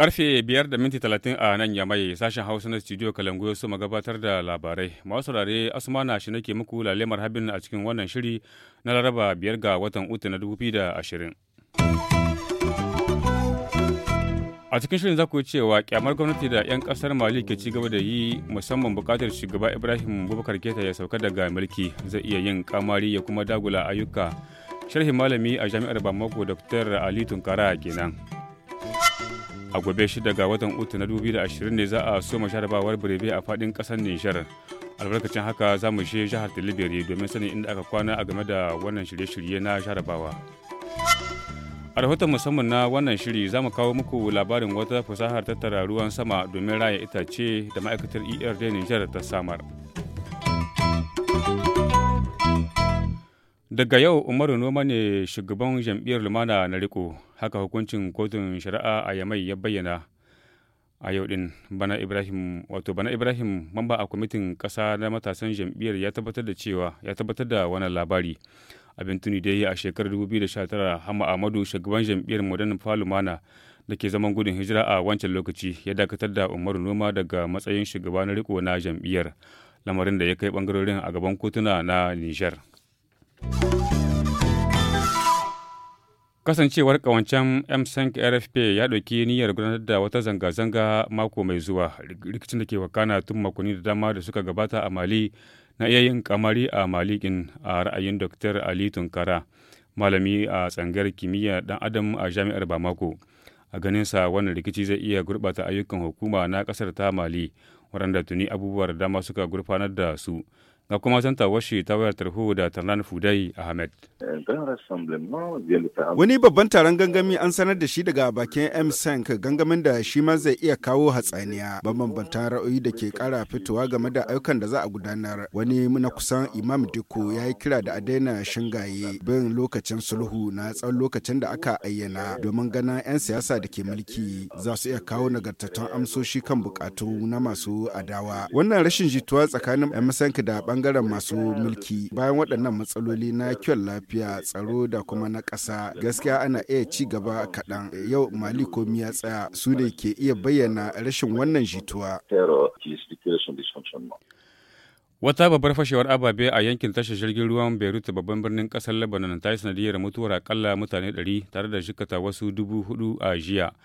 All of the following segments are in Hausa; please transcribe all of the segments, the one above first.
Karfe biyar da minti talatin a nan ya yamai sashen Hausa na Studio Kalangu ya soma gabatar da labarai. Masu saurare Asmana shi nake muku lalemar habin a cikin wannan shiri na Laraba biyar ga watan Uta na ashirin. a cikin shirin za ku cewa kyamar gwamnati da 'yan kasar mali ke ci gaba da yi musamman bukatar shugaba ibrahim bubakar keta ya sauka daga mulki zai iya yin kamari ya kuma dagula ayyuka sharhin malami a jami'ar bamako dr ali tunkara kenan a gobe shi daga watan uku na da ashirin ne za a soma jarabawar birebe a fadin kasar nijar albarkacin haka za mu je jihar tilibiri domin sanin inda aka kwana a game da wannan shirye-shirye na jarabawa. a rahoton musamman na wannan shiri za mu kawo muku labarin wata fasahar tattara ruwan sama domin raya itace da ma'aikatar erd nijar ta samar daga yau umaru noma ne shugaban jam'iyyar lumana na riko haka hukuncin kotun shari'a a yamai ya bayyana a yau din bana ibrahim wato bana ibrahim mamba a kwamitin kasa na matasan jam'iyyar ya tabbatar da cewa ya tabbatar da wannan labari abin tuni da yi a shekarar 2019 hama amadu shugaban jam'iyyar modern falumana da ke zaman gudun hijira a wancan lokaci ya dakatar da umaru noma daga matsayin shugaba riko na jam'iyyar lamarin da ya kai bangarorin a gaban kotuna na nijar kasancewar kawancen msank rfp ya ɗauki niyyar gudanar da wata zanga-zanga mako mai zuwa rikicin da ke wakana tun makonni da dama da suka gabata a mali na iya yin kamari a malikin a ra'ayin Dr. Ali Tunkara, malami a tsangar kimiyya dan adam a jami'ar Bamako. A ganinsa wannan rikici zai iya gurbata ayyukan hukuma na kasar ta Mali, waɗanda tuni abubuwar dama suka gurfanar da su. ga kuma santa washi ta wayar tarho da Tanran Fudai Ahmed. Wani babban taron gangami an sanar da shi daga bakin m-sank gangamin da shi ma zai iya kawo hatsaniya mabambantan ra'ayi da ke kara fitowa game da ayyukan da za a gudanar. Wani na kusan Imam Diko ya yi kira da a shingaye bin lokacin sulhu na tsawon lokacin da aka ayyana domin gana 'yan siyasa da ke mulki za su iya kawo nagartattun amsoshi kan bukatu na masu adawa. Wannan rashin jituwa tsakanin m-sank da bangaren masu mulki bayan waɗannan matsaloli na kyau lafiya tsaro da kuma na ƙasa gaskiya ana iya ci gaba kaɗan yau mali ko miya tsaya su ne ke iya bayyana rashin wannan jituwa. Wata babbar fashewar ababe a yankin tashar jirgin ruwan Beirut babban birnin kasar Lebanon ta yi sanadiyar mutuwar akalla mutane 100 tare da jikata wasu dubu hudu a jiya.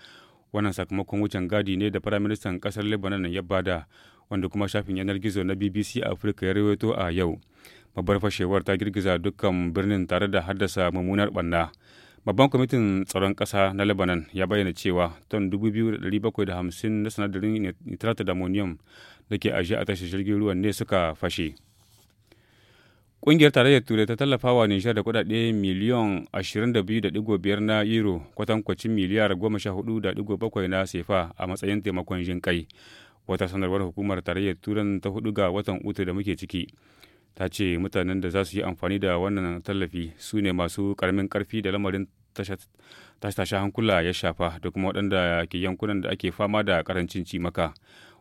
Wannan sakamakon wucin gadi ne da Firaministan kasar Lebanon ya bada wanda kuma shafin yanar gizo na BBC Africa ya rawaito a yau. Babbar fashewar ta girgiza dukkan birnin tare da haddasa mummunar banna Babban kwamitin tsaron ƙasa na Lebanon ya bayyana cewa ton 2,750 na sinadarin nitrate da ammonium da ke ajiye a tashar jirgin ruwa ne suka fashe. Ƙungiyar Tarayyar Turai ta tallafa wa Nijar da kuɗaɗe miliyan 22.5 na euro kwatankwacin miliyar 14.7 na sefa a matsayin taimakon jinƙai. wata sanarwar hukumar tarayyar turan ta hudu ga watan uku da muke ciki ta ce mutanen da za su yi amfani da wannan tallafi su ne masu karamin karfi da lamarin tashe hankula ya shafa da kuma waɗanda ke yankunan da ake fama da karancin cimaka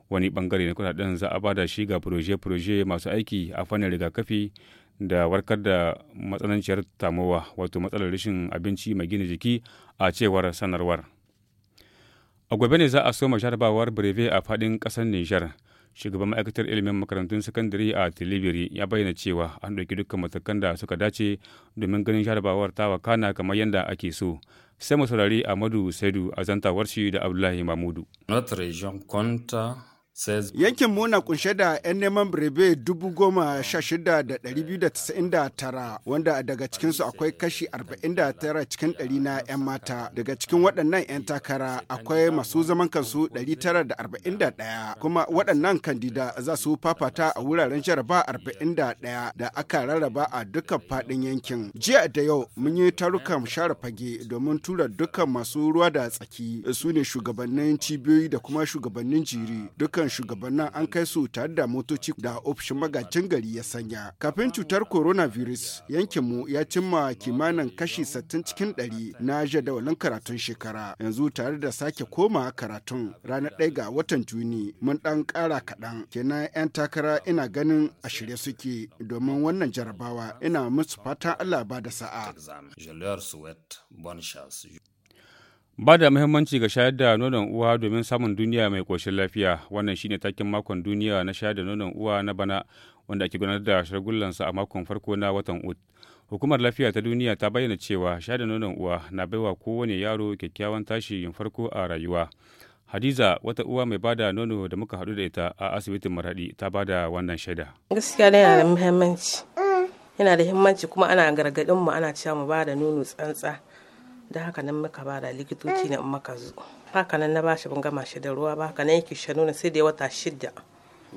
wani bangare na kudaden za a bada shi ga proje-proje masu aiki a fannin rigakafi da warkar da matsananciyar tamowa wato matsalar rashin abinci mai gina jiki a cewar sanarwar. A gobe ne za a soma jarabawar Breve a fadin kasar niger Shugaban ma'aikatar ilimin makarantun sakandare a Tilibiri ya bayyana cewa an ɗauki dukkan matakan da suka dace domin ganin jarabawar ta wakana kamar yadda ake so. Sai mu saurari Amadu Saidu a zantawar shi da Abdullahi Mamudu. Notre région compte Yankin mu na kunshe da 'yan neman birebe dubu goma shida da ɗari biyu da tasa'in da tara wanda daga cikinsu akwai kashi arba'in da tara cikin ɗari na 'yan mata. Daga cikin waɗannan 'yan takara akwai masu zaman kansu ɗari tara da arba'in da ɗaya kuma waɗannan kandida za su fafata a wuraren jaraba arba'in da ɗaya da aka rarraba a dukkan faɗin yankin. Jiya da yau mun yi tarukan share fage domin tura dukkan masu ruwa da tsaki su ne shugabannin cibiyoyi da kuma shugabannin jiri dukkan dukkan shugabannin an kai su tare da motoci da ofishin magajin gari ya sanya. Kafin cutar coronavirus yankinmu ya cimma kimanin kashi 60 cikin 100 na jadawalin karatun shekara. Yanzu tare da sake koma karatun ranar ɗaya ga watan Juni mun ɗan kara kaɗan. Kenan 'yan takara ina ganin a shirye suke domin wannan jarabawa ina musu fatan Allah ba da sa'a. Ba da muhimmanci ga shayar da nonon uwa domin samun duniya mai ƙoshin lafiya wannan shine takin makon duniya na shayar da nonon uwa na bana wanda ake gudanar da shagullansa a makon farko na watan Ut. Hukumar lafiya ta duniya ta bayyana cewa shayar da nonon uwa na baiwa kowane yaro kyakkyawan tashi farko a rayuwa. Hadiza wata uwa mai bada nono da muka haɗu da ita a asibitin maraɗi ta ba da wannan shaida. Gaskiya yana da muhimmanci. Yana da himmanci kuma ana gargaɗin mu ana cewa mu ba da nono tsantsa. da haka nan muka ba da likitoci eh. na maka zo haka nan na ba shi gama shi da ruwa ba haka nan yake sha nuna sai da wata shida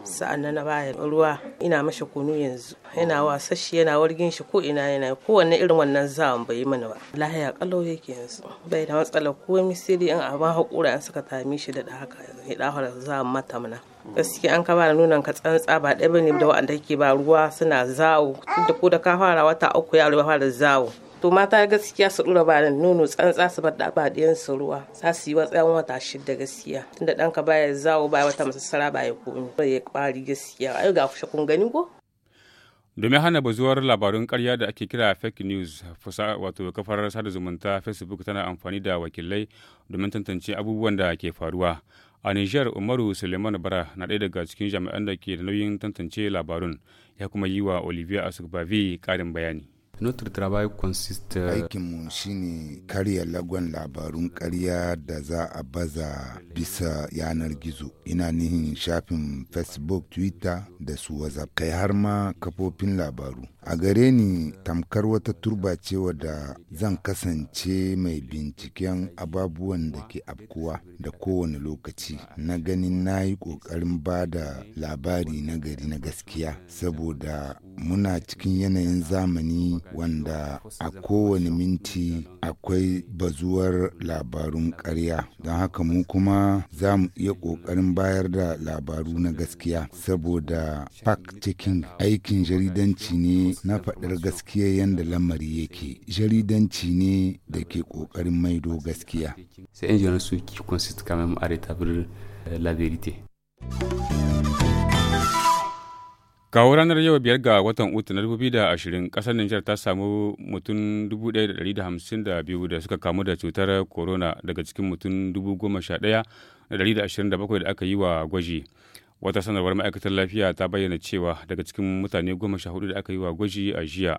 sa'an nan na baya ruwa ina mashi kunu yanzu yana wasashi yana wargin shi ko ina yana kowanne irin wannan zawon bai yi mana ba lahiya kalau yake yanzu bai da matsala komai sai dai in abin haƙura an suka tami shi da haka ya dahura zawon mata mana gaskiya an ka da nunan ka tsantsa ba ɗaya ne da wa'anda ke ba ruwa suna zawo da ko da ka fara wata uku yaro ya fara zawo to mata gaskiya su dura da nono tsantsa su bar ba ɗayan su ruwa za su yi wa tsayan wata shida gaskiya tunda ɗanka baya zawo ba wata masassara ya komi ba ya kwari gaskiya ai ga kushe kun gani ko domin hana bazuwar labarun karya da ake kira fake news wato kafar sada zumunta facebook tana amfani da wakilai domin tantance abubuwan da ke faruwa a niger umaru suleiman bara na ɗaya daga cikin jami'an da ke da nauyin tantance labarun ya kuma yi wa olivia asugbavi karin bayani Notre travail consiste euh, aikinmu shine karya lagon labarun karya da za a baza bisa yanar gizo ina nihin shafin facebook twitter da su whatsapp kai har ma kafofin labaru a gare ni tamkar wata turba ce wadda zan kasance mai binciken ababuwan da ke afkuwa da kowane lokaci na ganin na yi ƙoƙarin ba da labari na gari na gaskiya saboda muna cikin yanayin zamani wanda a kowane minti akwai bazuwar labarun karya don haka mu kuma za mu iya ƙoƙarin bayar da labaru na gaskiya saboda fact checking aikin jaridanci ne na faɗar gaskiya yadda lamari yake jaridanci ne da ke ƙoƙarin maido gaskiya. sai un journaliste qui consiste quand même kawo ranar yau biyar ga watan Uta na 2020 ƙasar Nijar ta samu mutum 1,152 da suka kamu da cutar corona daga cikin mutum 11,127 da aka yi wa gwaji wata sanarwar ma'aikatar lafiya ta bayyana cewa daga cikin mutane 14 da aka yi wa gwaji a jiya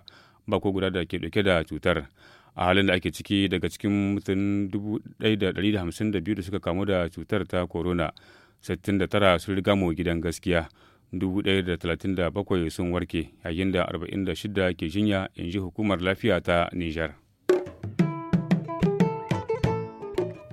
bako guda da ke dauke da cutar a halin da ake ciki daga cikin mutum 1,152 da suka kamu da cutar ta corona 69 sun riga mu gidan gaskiya 1,137 sun warke yayin da 46 ke jinya in hukumar lafiya ta Nijar.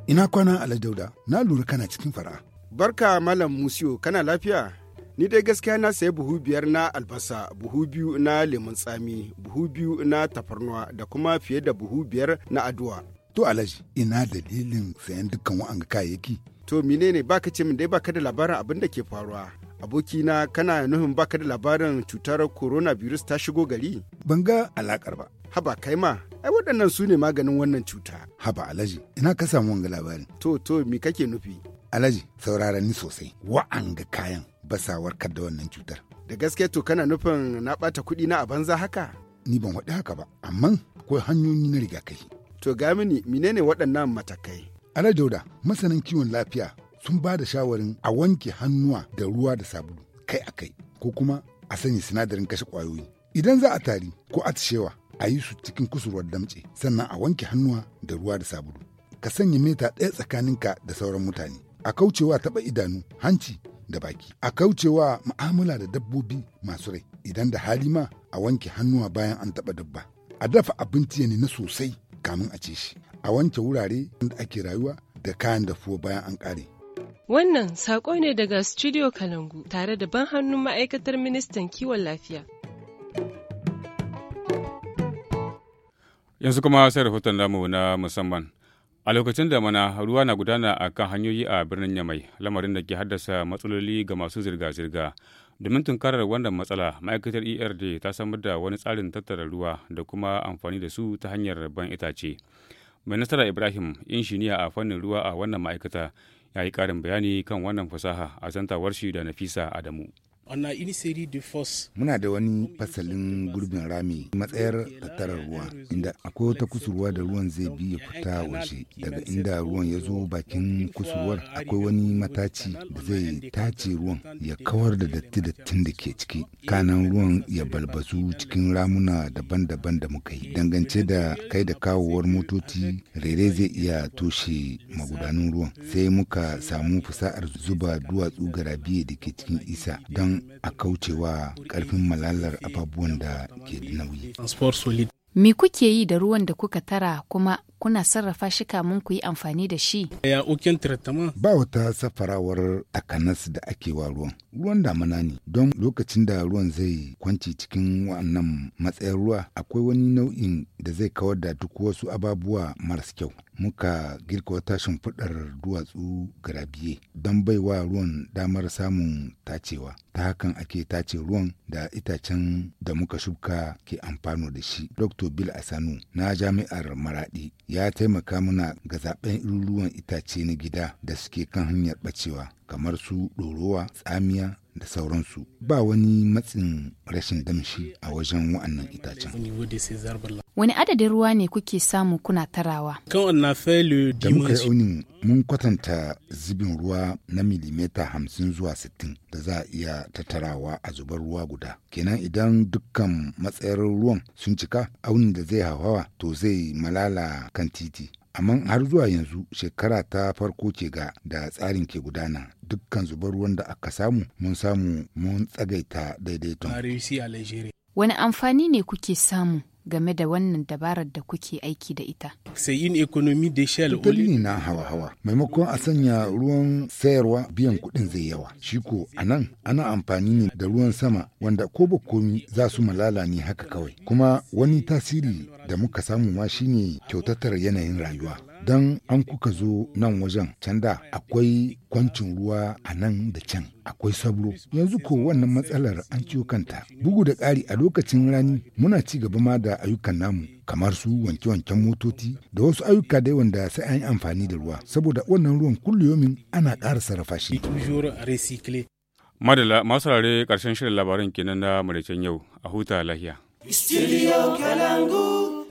Ina kwana Aladauda, na lura kana cikin fara. Barka Malam Musiyo, kana lafiya? Ni dai gaskiya na sayi buhu biyar na albasa, buhu biyu na lemun tsami, buhu biyu na tafarnuwa da kuma fiye da buhu biyar na aduwa. To alaji ina dalilin sayan dukkan wa'anga kayayyaki. To menene baka ce min dai baka da labarin abin da ke faruwa. abokina kana nufin baka da labarin cutar coronavirus ta shigo gari? Ban ga alakar ba. Haba kai ma, ai waɗannan su ne maganin wannan cuta. Haba Alhaji, ina ka samu wanga labarin. To, to, me kake nufi? alaji saurara ni sosai, wa'anga kayan basawar da wannan cutar. Da gaske to kana nufin na bata kuɗi na a banza haka? Ni ban waɗi haka ba, amma akwai hanyoyi na rigakafi. To ga mini menene waɗannan matakai? Ana Dauda, masanin kiwon lafiya sun ba da shawarin a wanke hannuwa da ruwa da sabulu kai a kai ko kuma a sanya sinadarin kashe ƙwayoyi. Idan za a tari ko a tashewa a yi su cikin kusurwar damce sannan a wanke hannuwa da ruwa da sabulu. Ka sanya mita ɗaya tsakaninka da sauran mutane. A kaucewa taɓa idanu, hanci da baki. A kaucewa ma'amala da dabbobi masu rai. Idan da hali ma a wanke hannuwa bayan an taɓa dabba. A dafa abinci ya na sosai kamun a ci shi a wanke wurare da ake rayuwa da kayan dafuwa bayan an kare. Wannan saƙo ne daga Studio Kalangu tare da ban hannun ma'aikatar ministan kiwon lafiya. Yanzu kuma sai rahoton namu na musamman. A lokacin da mana ruwa na gudana a kan hanyoyi a birnin Yamai, lamarin da ke haddasa matsaloli ga masu zirga-zirga. domin tunkarar wannan matsala ma'aikatar erd ta samar da wani tsarin tattara ruwa da kuma amfani da su ta hanyar ban itace mai ibrahim injiniya a fannin ruwa a wannan ma'aikata ya yi karin bayani kan wannan fasaha a zantawar shi da nafisa adamu Muna da wani fasalin gurbin rami matsayar tattarar ruwa inda akwai wata kusurwa da ruwan zai bi ya fita waje daga inda ruwan ya zo bakin kusurwar akwai wani mataci da zai tace ruwan ya kawar da datti dattin da ke ciki kanan ruwan ya balbasu cikin ramuna daban-daban da muka yi dangance da kai da kawowar motoci rere zai iya toshe magudanun ruwan sai muka samu fasa'ar zuba duwatsu garabiye da ke cikin isa don a kaucewa karfin malalar ababuwan da ke nauyi. Me kuke yi da ruwan da kuka tara kuma kuna sarrafa shi kamun ku yi amfani da shi. Ya ukin tirattama? Ba wata safarawar takanas da ake wa ruwan. Ruwan damana ne don lokacin da ruwan zai kwanci cikin wannan matsayin ruwa akwai wani nau'in da zai kawar da duk wasu ababuwa marasa kyau. Muka girka wata shimfiɗar duwatsu garabiye don baiwa ruwan damar samun tacewa. Ta hakan ake tace ruwan da itacen da muka shuka ke amfano da shi. Dr. Bill Asanu na jami'ar Maradi ya taimaka mana ga zaben ruruwan itace na gida da suke kan hanyar bacewa kamar su ɗorowa tsamiya da sauransu ba wani matsin rashin damshi a wajen wa'annan itacen. Wani adadin ruwa ne kuke samu kuna tarawa? Da muka yi mun kwatanta zubin ruwa na milimeta hamsin zuwa sittin da za a iya tattarawa a zubar ruwa guda. Kenan idan dukkan matsayar ruwan sun cika aunin da zai hawa to zai malala kan titi. amma har zuwa yanzu shekara ta farko ce ga da tsarin ke gudana dukkan zubar ruwan da aka samu mun samu mun tsagaita daidaiton wani amfani ne kuke samu game da wannan dabarar da kuke aiki da ita? tutali ne na hawa-hawa, maimakon a sanya ruwan sayarwa biyan kuɗin zai yawa. Shi ko a nan ana amfani ne da ruwan sama wanda ko ba komi za su malala ne haka kawai. Kuma wani tasiri da muka samu ma shine kyautatar yanayin rayuwa. don an kuka zo nan wajen can da akwai kwancin ruwa a nan da can akwai sabro yanzu ko wannan matsalar an ciwo kanta bugu da ƙari a lokacin rani muna ci gaba ma da ayyukan namu kamar su wanke-wanken motoci da wasu ayyuka da wanda sai an yi amfani da ruwa saboda wannan ruwan kulliyomin ana ƙara sarrafa shi madala masu rare ƙarshen shirin labaran kenan na maraicen yau a huta lahiya. Studio Kalangu.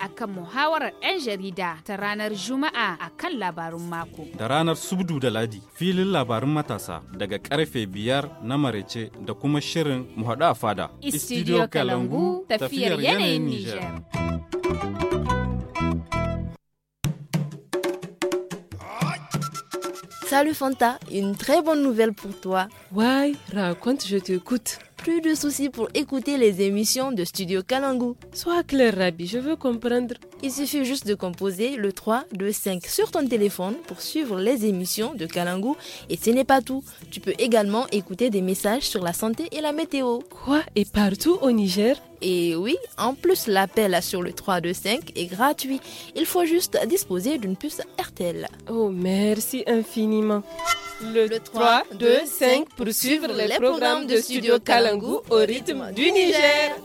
akan muhawarar 'yan jarida ta ranar Juma'a a kan labarun mako. Da ranar Subdu da Ladi filin labarun matasa daga karfe biyar na marece da kuma shirin muhaɗu a fada. Istidiyo Kalangu tafiyar yanayin Nijar. Salut Fanta, une très bonne nouvelle pour toi. Ouais, raconte, je t'écoute. plus de soucis pour écouter les émissions de Studio Kalangu. Sois clair, Rabbi, je veux comprendre. Il suffit juste de composer le 3, 2, 5 sur ton téléphone pour suivre les émissions de Kalangu. Et ce n'est pas tout. Tu peux également écouter des messages sur la santé et la météo. Quoi Et partout au Niger et oui, en plus, l'appel sur le 5 est gratuit. Il faut juste disposer d'une puce RTL. Oh, merci infiniment le, 3, 2, 5 pour suivre les programmes de Studio Kalangu au rythme du Niger.